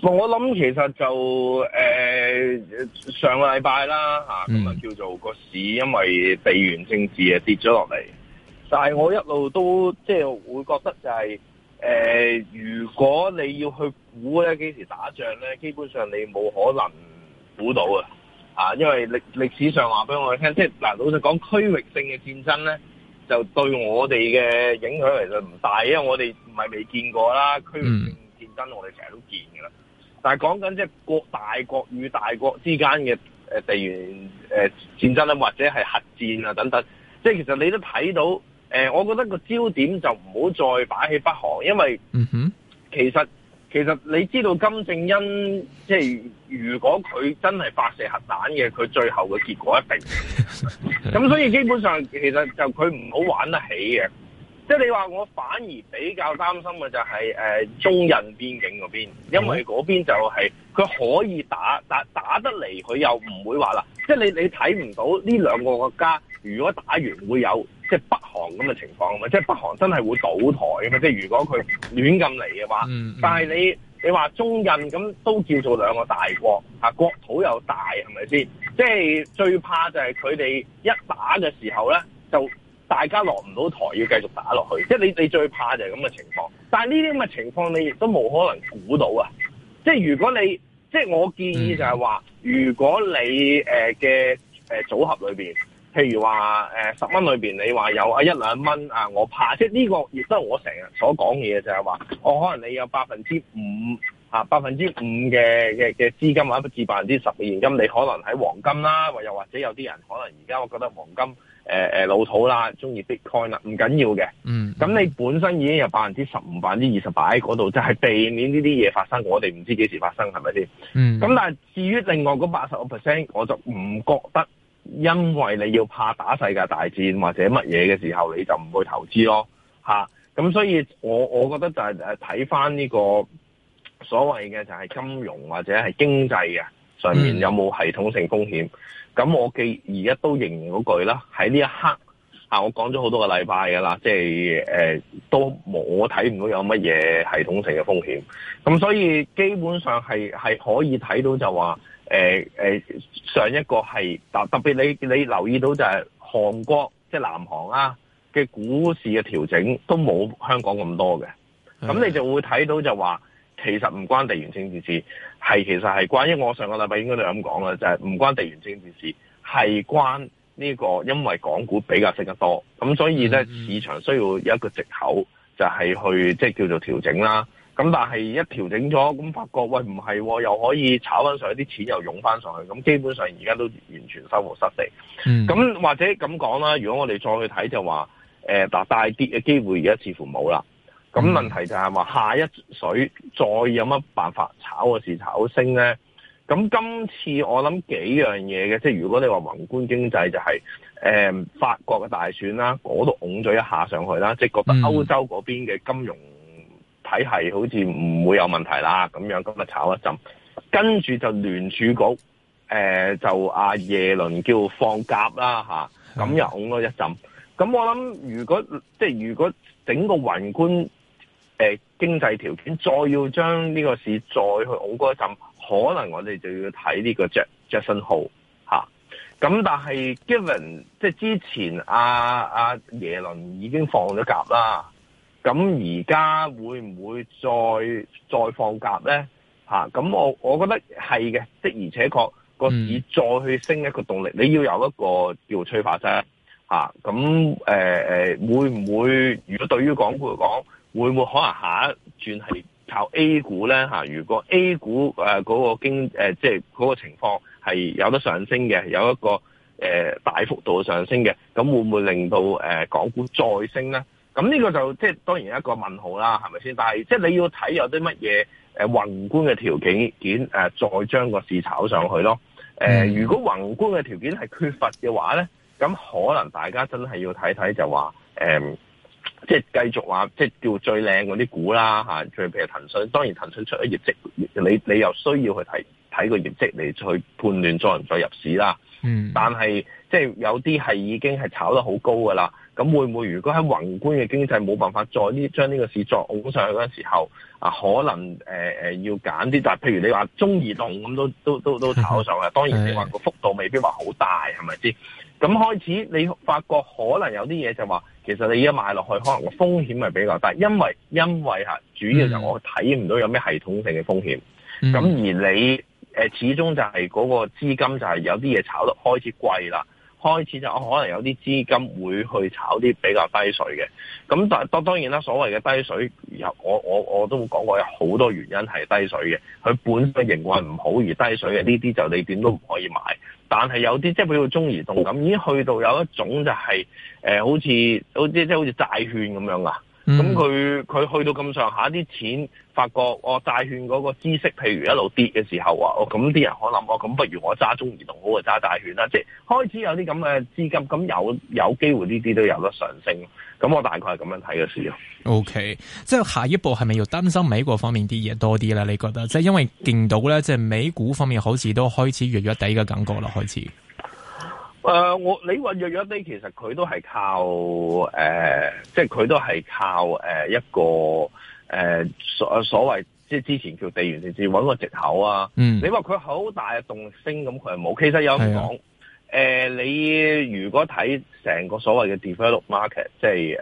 我我諗其實就誒、呃、上個禮拜啦吓，咁、嗯、啊叫做個市因為地緣政治啊跌咗落嚟，但係我一路都即係、就是、會覺得就係、是、誒、呃、如果你要去估咧幾時打仗咧，基本上你冇可能估到啊，啊因為歷歷史上話俾我哋聽，即係嗱老實講區域性嘅戰爭咧，就對我哋嘅影響其實唔大，因為我哋唔係未見過啦，區域性戰爭我哋成日都見噶啦。但係講緊即係國大國與大國之間嘅誒地緣誒戰爭啦，或者係核戰啊等等。即係其實你都睇到誒、呃，我覺得個焦點就唔好再擺喺北韓，因為其實其實你知道金正恩即係如果佢真係發射核彈嘅，佢最後嘅結果一定咁， 所以基本上其實就佢唔好玩得起嘅。即係你話我反而比較擔心嘅就係誒中印邊境嗰邊，因為嗰邊就係佢可以打，但打得嚟佢又唔會話啦。即係你你睇唔到呢兩個國家如果打完會有即係北韓咁嘅情況啊嘛，即係北韓真係會倒台嘅嘛。即係如果佢亂咁嚟嘅話，但係你你話中印咁都叫做兩個大國，國土又大係咪先？即係最怕就係佢哋一打嘅時候咧就。大家落唔到台，要繼續打落去，即係你你最怕就係咁嘅情況。但係呢啲咁嘅情況，你亦都冇可能估到啊！即係如果你，即係我建議就係話，如果你嘅組合裏面，譬如話十蚊裏面，你話有啊一兩蚊啊，我怕。即係呢個亦都係我成日所講嘅嘢就係、是、話，我、哦、可能你有百分之五啊，百分之五嘅嘅嘅資金或者至百分之十嘅現金，你可能喺黃金啦，又或者有啲人可能而家我覺得黃金。誒誒老土啦，中意 Bitcoin 啦，唔緊要嘅。嗯，咁你本身已經有百分之十五、百分之二十八喺嗰度，就係避免呢啲嘢發生。我哋唔知幾時發生，係咪先？嗯，咁但係至於另外嗰八十五 percent，我就唔覺得，因為你要怕打世界大戰或者乜嘢嘅時候，你就唔會投資咯。吓、啊，咁所以我我覺得就係誒睇翻呢個所謂嘅就係金融或者係經濟嘅上面有冇系統性風險。嗯嗯咁我嘅而家都仍然嗰句啦，喺呢一刻啊，我講咗好多個禮拜㗎啦，即係誒、呃、都冇，我睇唔到有乜嘢系統性嘅風險。咁所以基本上係係可以睇到就話、呃呃、上一個係特特別你你留意到就係韓國即係、就是、南韓啊嘅股市嘅調整都冇香港咁多嘅，咁你就會睇到就話。其實唔關地緣政治事，係其實係關於。因為我上個禮拜應該都咁講啦，就係、是、唔關地緣政治事，係關呢、這個因為港股比較升得多，咁所以咧、嗯、市場需要有一個藉口，就係、是、去即係、就是、叫做調整啦。咁但係一調整咗，咁發覺喂唔係、哦，又可以炒翻上去，啲錢又湧翻上去，咁基本上而家都完全收復失地。咁、嗯、或者咁講啦，如果我哋再去睇就話，大跌嘅機會而家似乎冇啦。咁、嗯、問題就係話下一水再有乜辦法炒個市炒升咧？咁今次我諗幾樣嘢嘅，即係如果你話宏觀經濟就係、是、誒、嗯、法國嘅大選啦，我都拱咗一下上去啦，即係覺得歐洲嗰邊嘅金融體系好似唔會有問題啦咁樣，今日炒一陣，跟住就聯儲局誒、呃、就阿、啊、耶倫叫放甲啦嚇，咁又拱咗一陣。咁我諗如果即係如果整個宏觀，誒，經濟條件再要將呢個市再去熬嗰一陣，可能我哋就要睇呢個著著信號嚇。咁但係 given 即係之前阿、啊、阿、啊、耶倫已經放咗鴿啦。咁而家會唔會再再放鴿咧？咁、啊啊啊、我我覺得係嘅，的而且確、這個市再去升一個動力，你要有一個叫催化劑咁，誒會唔會如果對於港股嚟講？會唔會可能下一轉係靠 A 股咧嚇？如果 A 股誒嗰個經即係嗰個情況係有得上升嘅，有一個誒大幅度上升嘅，咁會唔會令到誒港股再升咧？咁呢個就即係當然一個問號啦，係咪先？但係即係你要睇有啲乜嘢誒宏觀嘅條件誒，再將個市場炒上去咯。誒、嗯，如果宏觀嘅條件係缺乏嘅話咧，咁可能大家真係要睇睇就話即係繼續話，即係叫最靚嗰啲股啦吓，譬、啊、如騰訊。當然騰訊出咗業績，你你又需要去睇睇個業績嚟去判斷再唔再入市啦。嗯，但係即係有啲係已經係炒得好高噶啦。咁會唔會如果喺宏觀嘅經濟冇辦法再呢將呢個市再拱上去嗰時候啊，可能、呃、要揀啲。但係譬如你話中移動咁都都都 都炒上去，當然你話個幅度未必話好大，係咪先？咁開始你發覺可能有啲嘢就話。其實你而家買落去，可能風險係比較低，因為因為主要就我睇唔到有咩系統性嘅風險。咁、mm-hmm. 而你、呃、始終就係嗰個資金就係有啲嘢炒得開始貴啦，開始就我可能有啲資金會去炒啲比較低水嘅。咁但當然啦，所謂嘅低水，有我我我都講過有好多原因係低水嘅，佢本身營運唔好而低水嘅呢啲就你點都唔可以買。但係有啲即係比較中移動咁，已經去到有一種就係、是呃，好似好似即係好似債券咁樣啊。咁佢佢去到咁上下啲錢，發覺我債券嗰個知識，譬如一路跌嘅時候啊，咁啲人可能我咁不如我揸中移動好啊，揸債券啦，即係開始有啲咁嘅資金，咁有有機會呢啲都有得上升。咁我大概係咁樣睇嘅事。咯。O K，即係下一步係咪要擔心美國方面啲嘢多啲咧？你覺得即係因為見到咧，即係美股方面好似都開始弱弱地嘅感覺啦，開始。誒、呃、我你話弱弱啲，其實佢都係靠誒、呃，即係佢都係靠誒、呃、一個誒、呃、所所謂，即係之前叫地緣政治揾個藉口啊。嗯，你話佢好大動聲，咁佢又冇。其實有人講、啊呃、你如果睇成個所謂嘅 develop market，即係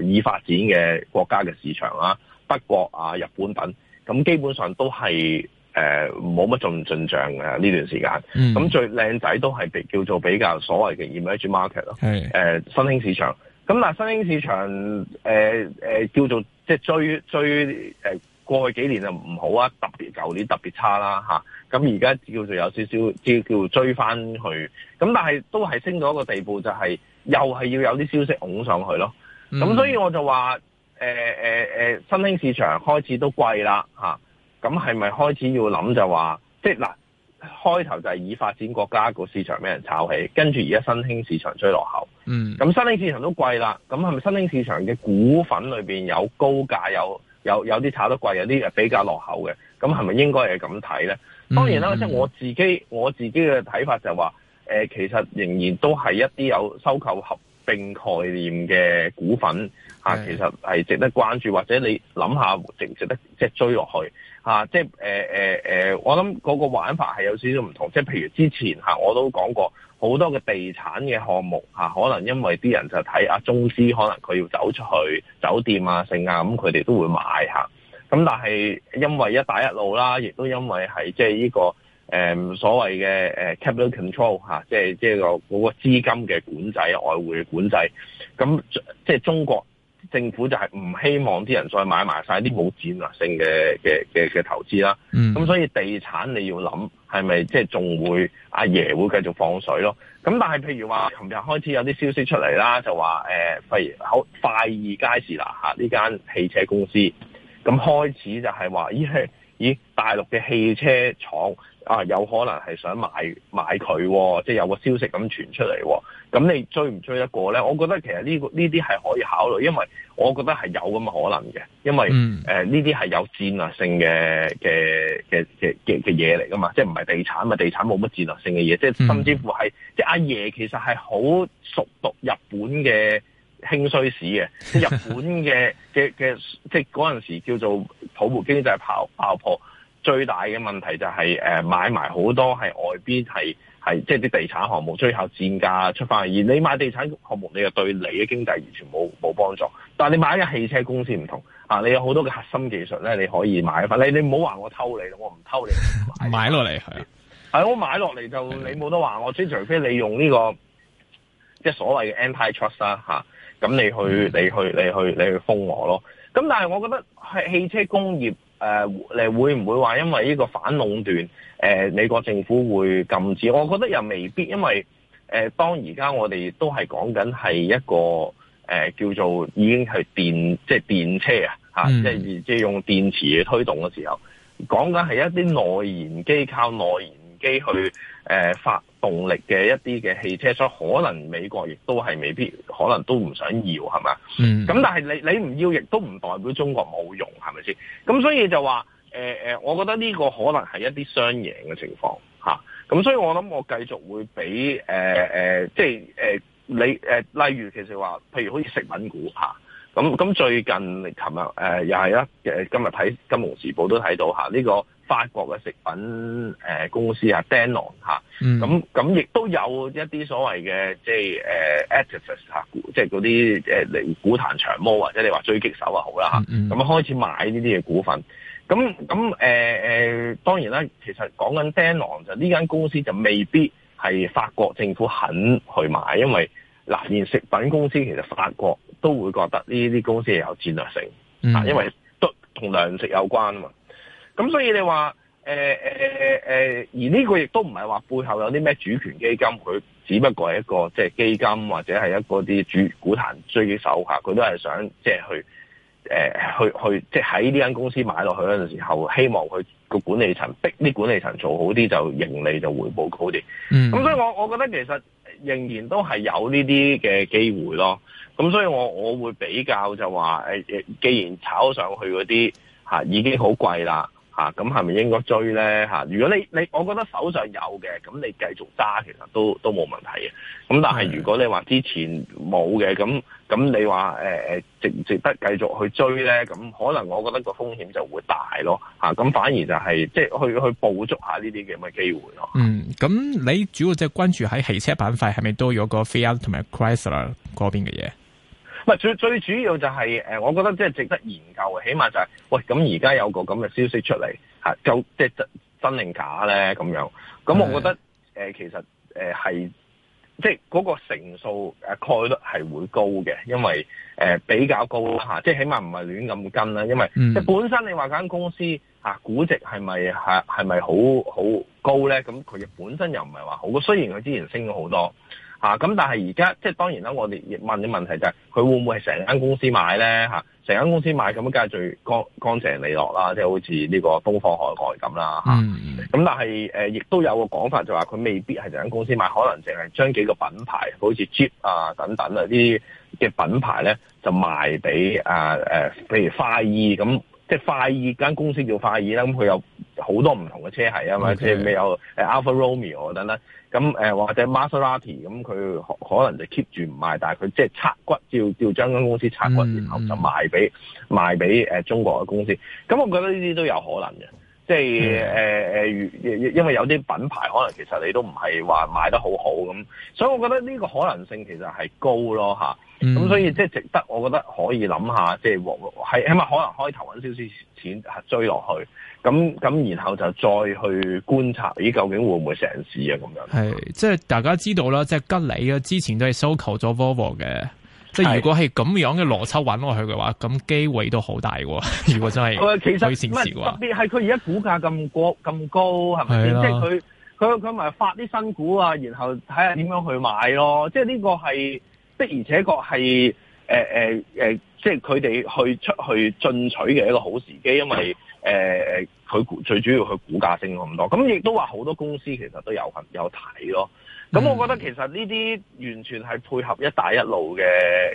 誒已發展嘅國家嘅市場啊，德國啊、日本等，咁基本上都係。誒、呃，冇乜進進賬嘅呢段時間，咁、嗯、最靚仔都係叫做比較所謂嘅 image market 咯，誒、呃、新興市場，咁新興市場，誒、呃、誒叫做即係追追誒過去幾年就唔好別別啊，特別舊年特別差啦吓，咁而家叫做有少少叫叫追翻去，咁、啊、但係都係升到一個地步，就係、是、又係要有啲消息拱上去咯，咁、嗯、所以我就話，誒誒誒新興市場開始都貴啦吓。啊咁係咪開始要諗就話，即係嗱，開頭就係以發展國家個市場俾人炒起，跟住而家新興市場追落後。嗯。咁新興市場都貴啦，咁係咪新興市場嘅股份裏邊有高價，有有有啲炒得貴，有啲比較落後嘅，咁係咪應該係咁睇咧？當然啦，即、嗯、係、就是、我自己我自己嘅睇法就話、呃，其實仍然都係一啲有收購合併概念嘅股份、嗯啊、其實係值得關注，或者你諗下值唔值得即係追落去。啊，即係、欸欸欸、我諗嗰個玩法係有少少唔同，即係譬如之前、啊、我都講過好多嘅地產嘅項目、啊、可能因為啲人就睇阿、啊、中資，可能佢要走出去酒店啊、盛啊，咁佢哋都會買嚇。咁、啊、但係因為一帶一路啦，亦、啊、都因為係即係呢個誒、嗯、所謂嘅 capital control、啊、即係即係個嗰個資金嘅管制、外匯嘅管制，咁、啊、即係中國。政府就係唔希望啲人再買埋曬啲冇戰略性嘅嘅嘅嘅投資啦，咁、mm. 所以地產你要諗係咪即係仲會阿爺，爺會繼續放水咯？咁但係譬如話，琴日開始有啲消息出嚟啦，就話誒，譬如好快意佳士拿嚇呢間汽車公司，咁開始就係話咦咦大陸嘅汽車廠。啊，有可能係想買買佢，哦，即係有個消息咁傳出嚟，哦，咁你追唔追得過咧？我覺得其實呢，呢個呢啲係可以考慮，因為我覺得係有咁嘅可能嘅，因為呢啲係有戰略性嘅嘅嘅嘅嘅嘅嘢嚟噶嘛，即係唔係地產啊嘛？地產冇乜戰略性嘅嘢，即，嗯、係甚至乎係即係阿爺其實係好熟讀日本嘅興衰史嘅， 即日本嘅嘅嘅，即係嗰陣時叫做泡沫經濟爆爆破。最大嘅問題就係、是呃、買埋好多係外邊係係即係啲地產項目，最後賤價出翻而你買地產項目，你就對你嘅經濟完全冇冇幫助。但係你買嘅汽車公司唔同啊，你有好多嘅核心技術咧，你可以買翻。你你唔好話我偷你，我唔偷你，買落嚟係我買落嚟就你冇得話我。即除非你用呢、呢個即係所謂嘅 antitrust 啦、啊、咁、啊、你去、嗯、你去你去，你去，你，去你去封我咯。咁但係我覺得係汽車工業。誒、呃，誒會唔會話因為呢個反壟斷，誒、呃、美國政府會禁止？我覺得又未必，因為誒、呃、當而家我哋都係講緊係一個誒、呃、叫做已經係電，即係電車啊，嗯、即係即係用電池去推動嘅時候，講緊係一啲內燃機靠內燃機去誒、呃、發。動力嘅一啲嘅汽車，所以可能美國亦都係未必，可能都唔想要，係嘛？嗯。咁但係你你唔要，亦都唔代表中國冇用，係咪先？咁所以就話，誒、呃、誒，我覺得呢個可能係一啲雙贏嘅情況，吓、啊。咁所以我諗我繼續會俾，誒、呃、誒、呃，即係誒你誒，例如其實話，譬如好似食品股吓，咁、啊、咁最近琴日誒又係啦，誒今日睇金融時報都睇到吓，呢、啊呢個。法國嘅食品誒、呃、公司 Danone、嗯、啊，Danone 咁咁亦都有一啲所謂嘅即係誒 Activist 嚇，即係嗰啲誒古壇長毛或者你話追擊手就好、嗯嗯、啊好啦嚇，咁開始買呢啲嘅股份，咁咁誒誒，當然啦，其實講緊 Danone 就呢間公司就未必係法國政府肯去買，因為嗱連食品公司其實法國都會覺得呢啲公司有戰略性啊，因為都同糧食有關啊嘛。咁所以你話誒誒誒，而呢個亦都唔係話背後有啲咩主權基金，佢只不過係一個即係、就是、基金或者係一個啲主股壇追手下。佢都係想即係、就是、去誒、呃、去去，即係喺呢間公司買落去嗰陣時候，希望佢個管理層逼啲管理層做好啲，就盈利就回報高啲。咁、嗯、所以我我覺得其實仍然都係有呢啲嘅機會咯。咁所以我我會比較就話既然炒上去嗰啲、啊、已經好貴啦。咁係咪應該追咧？如果你你，我覺得手上有嘅，咁你繼續揸其實都都冇問題嘅。咁但係如果你話之前冇嘅，咁咁你話誒誒值唔值得繼續去追咧？咁可能我覺得個風險就會大咯。咁、啊、反而就係、是、即係去去捕捉下呢啲嘅咁嘅機會咯。嗯，咁你主要即係關注喺汽車板塊係咪都有個 Fiat 同埋 Chrysler 嗰邊嘅嘢？唔係最最主要就係、是、誒，我覺得即係值得研究嘅，起碼就係、是、喂，咁而家有個咁嘅消息出嚟嚇、啊，就即係真真定假咧，咁樣。咁我覺得誒、呃、其實誒係、呃、即係嗰、那個成數誒概率係會高嘅，因為誒、呃、比較高啦、啊、即係起碼唔係亂咁跟啦，因為即、嗯、本身你話嗰間公司嚇估、啊、值係咪係係咪好好高咧？咁佢本身又唔係話好，雖然佢之前升咗好多。咁，但係而家即係當然啦。我哋亦問嘅問題就係，佢會唔會係成間公司買咧嚇？成間公司買咁梗係最乾乾淨利落啦，即係好似呢個東方海外咁啦嚇。咁但係誒，亦都有個講法就話，佢未必係成間公司買，可能淨係將幾個品牌，好似 Jeep 啊等等啊啲嘅品牌咧，就賣俾啊譬如快意咁，即係快意間公司叫快意啦。咁佢有好多唔同嘅車系，啊嘛，即係未有 Alfa Romeo 等啦。咁、嗯、誒、呃、或者 Maserati 咁、嗯、佢可能就 keep 住唔賣，但係佢即係拆骨，照要，要將間公司拆骨，然後就賣俾、嗯、賣俾、呃、中國嘅公司。咁我覺得呢啲都有可能嘅，即係誒、嗯呃、因為有啲品牌可能其實你都唔係話賣得好好咁，所以我覺得呢個可能性其實係高咯吓，咁、嗯嗯、所以即係值得，我覺得可以諗下，即係係起碼可能開頭揾少少錢、啊、追落去。咁咁，然後就再去觀察呢，究竟會唔會成事啊？咁樣係即係大家知道啦，即係吉利啊，之前都係收購咗 Volvo 嘅。即係如果係咁樣嘅邏輯揾落去嘅話，咁機會都好大喎、哦。如果真係可以成事嘅，特別係佢而家股價咁高咁高，係咪先？即係佢佢佢咪發啲新股啊，然後睇下點樣去買咯。即係呢個係的而且確係誒誒即係佢哋去出去進取嘅一個好時機，因為。誒、呃，佢最主要佢股價升咗咁多，咁亦都話好多公司其實都有份有睇咯。咁我覺得其實呢啲完全係配合一帶一路嘅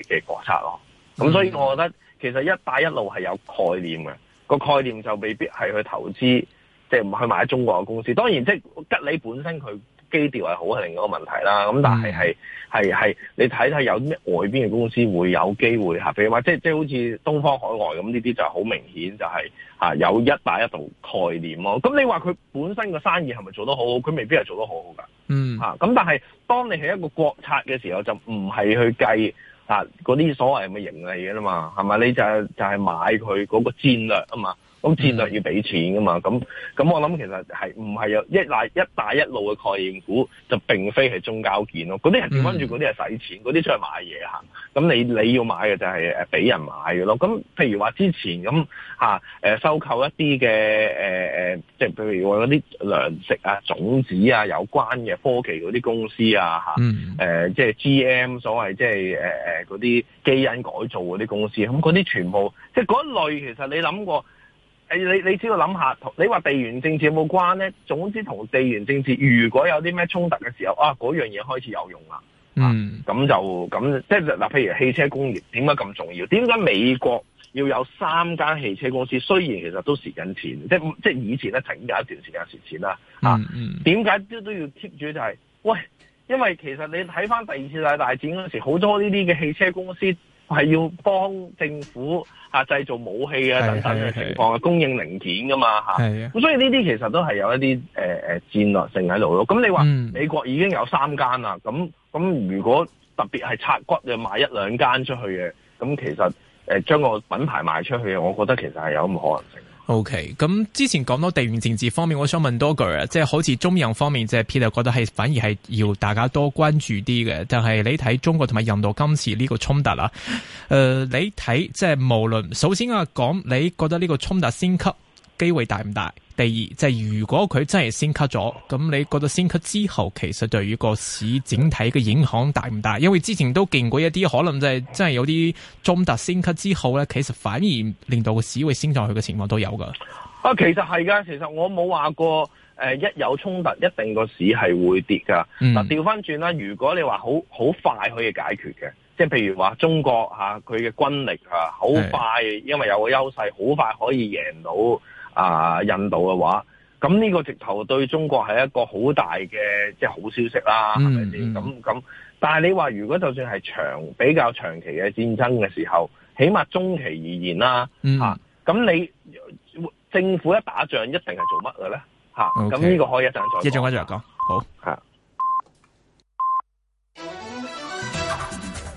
嘅國策咯。咁所以我覺得其實一帶一路係有概念嘅、個概念就未必係去投資，即係唔去買中國嘅公司。當然即係吉利本身佢基調係好，係另一個問題啦。咁但係係係係你睇睇有咩外邊嘅公司會有機會吓，譬如話即即係好似東方海外咁呢啲，就好明顯就係、係。啊，有一帶一路概念咯，咁你話佢本身個生意係咪做得好好？佢未必係做得好好噶。嗯，吓、啊，咁但係當你係一個國策嘅時候，就唔係去計啊嗰啲所謂嘅盈利嘅啦嘛，係咪？你就係、就係、係、買佢嗰個戰略啊嘛。咁戰略要俾錢噶嘛。咁、嗯、咁我諗其實係唔係有一帶一路嘅概念股就並非係中交建咯？嗰啲人跟住嗰啲係使錢，嗰、嗯、啲出去買嘢，咁你你要買嘅就係畀俾人買嘅咯。咁譬如話之前咁、啊、收購一啲嘅誒誒，即、啊、係譬如話嗰啲糧食啊、種子啊有關嘅科技嗰啲公司啊、嗯、啊即係 GM 所謂即係嗰啲基因改造嗰啲公司，咁嗰啲全部即係嗰類，其實你諗過？你你你只要諗下，你話地緣政治有冇關咧？總之同地緣政治如果有啲咩衝突嘅時候，啊嗰樣嘢開始有用啦。嗯，咁、啊、就咁，即係嗱，譬如汽車工業點解咁重要？點解美國要有三間汽車公司？雖然其實都蝕緊錢，即係即係以前咧整搞一段時間蝕錢啦。點解都都要 keep 住就係、是、喂？因為其實你睇翻第二次世界大戰嗰時，好多呢啲嘅汽車公司。係要幫政府製造武器啊等等嘅情況啊，供應零件噶嘛。咁所以呢啲其實都係有一啲戰略性喺度咯。咁你話美國已經有三間啦，咁、嗯、咁如果特別係拆骨就賣一兩間出去嘅，咁其實將個品牌賣出去，我覺得其實係有咁可能性。OK，咁之前講到地緣政治方面，我想問多句啊，即係好似中印方面，即係 Peter 覺得係反而係要大家多關注啲嘅。但係你睇中國同埋印度今次呢個衝突啦，誒、呃，你睇即係無論首先啊，講你覺得呢個衝突先級機會大唔大？第二就係、是、如果佢真係升級咗，咁你覺得升級之後其實對於個市整體嘅影響大唔大？因為之前都見過一啲可能就係真係有啲衝突，升級之後呢，其實反而令到個市會升上去嘅情況都有噶。啊，其實係噶，其實我冇話過誒、呃，一有衝突一定個市係會跌噶。嗱、嗯，調翻轉啦，如果你話好好快可以解決嘅，即係譬如話中國吓，佢、啊、嘅軍力吓、啊、好快，因為有個優勢，好快可以贏到。啊！印度嘅話，咁呢個直頭對中國係一個好大嘅即係好消息啦，係咪先？咁咁，但係你話如果就算係長比較長期嘅戰爭嘅時候，起碼中期而言啦，吓、嗯、咁、啊、你政府一打仗一定係做乜嘅咧？吓、okay, 啊，咁呢個可以一陣再講。一陣再講，好吓。啊